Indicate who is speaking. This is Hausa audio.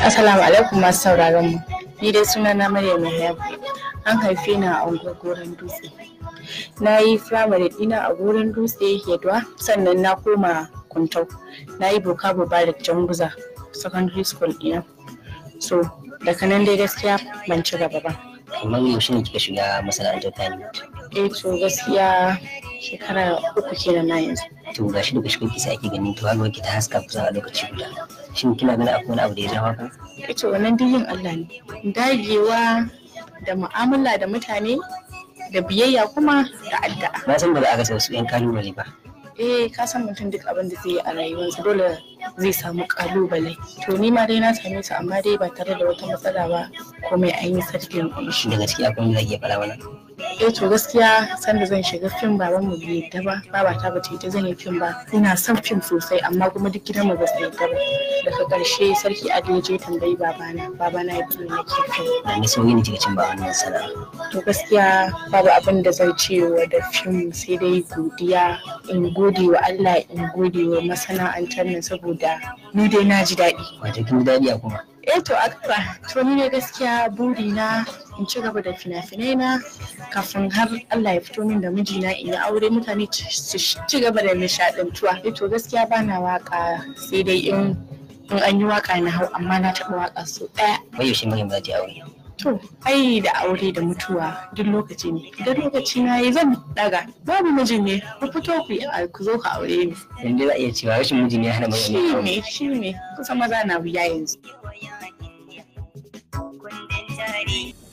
Speaker 1: Assalamu alaikum masu sauraron mu. Ni dai suna na Maryam Yahaya. An haife ni a unguwar Goron Dutse. Na yi firamare dina a Goron Dutse Yadwa sannan na koma Kuntau. Na yi Bokabo Barik Janguza Secondary School ina. So daga nan dai gaskiya ban ci gaba ba. Kamar yaushe ne kika shiga masana'antar Kannywood? Eh to gaskiya shekara uku kenan na yanzu. To gashi da shi kuke sai ake ganin to har ta haska kusa a lokaci guda. shin kina ganin akwai wani abu da ya jawo haka ita eh wannan duk yin Allah ne dagewa da mu'amala da mutane da biyayya kuma da addu'a na san ba za a ga su yan kalubale ba eh ka san mutum duk abin da zai yi a rayuwarsa dole zai samu kalubale to ni ma dai na same su amma dai ba tare da wata matsala ba komai an yi sarkin daga ciki akwai wani zai iya fara wannan eh to gaskiya sanda zan shiga fim baban mu bai yadda ba ba ta ba zan yi fim ba ina son fim sosai amma kuma duk gidan mu ba su yadda ba daga karshe sarki je tambayi babana babana ya fito na ke fim Na ni sauyi ne cikin ba wannan sana'a to gaskiya babu abin da zan cewa da fim sai dai godiya in gode wa Allah in gode wa masana'antar nan saboda ni dai na ji daɗi wato kin ji daɗi a kuma eh to akka to ni ne gaskiya buri na in ci gaba da fina-finai na kafin har Allah ya fito min da mijina in yi aure mutane su ci gaba da nishadantuwa eh to gaskiya ba na waka sai dai in in an yi waka na hau amma na taɓa waka so ɗaya wai yaushe mijin ba ta aure to ai da aure da mutuwa duk lokaci ne idan lokaci na yi zan daga babu mijin ne ku fito ku ku zo ka aure ni dan za a iya cewa rashin mijin ya hana mai shi ne shi ne kusa maza na wuya yanzu You.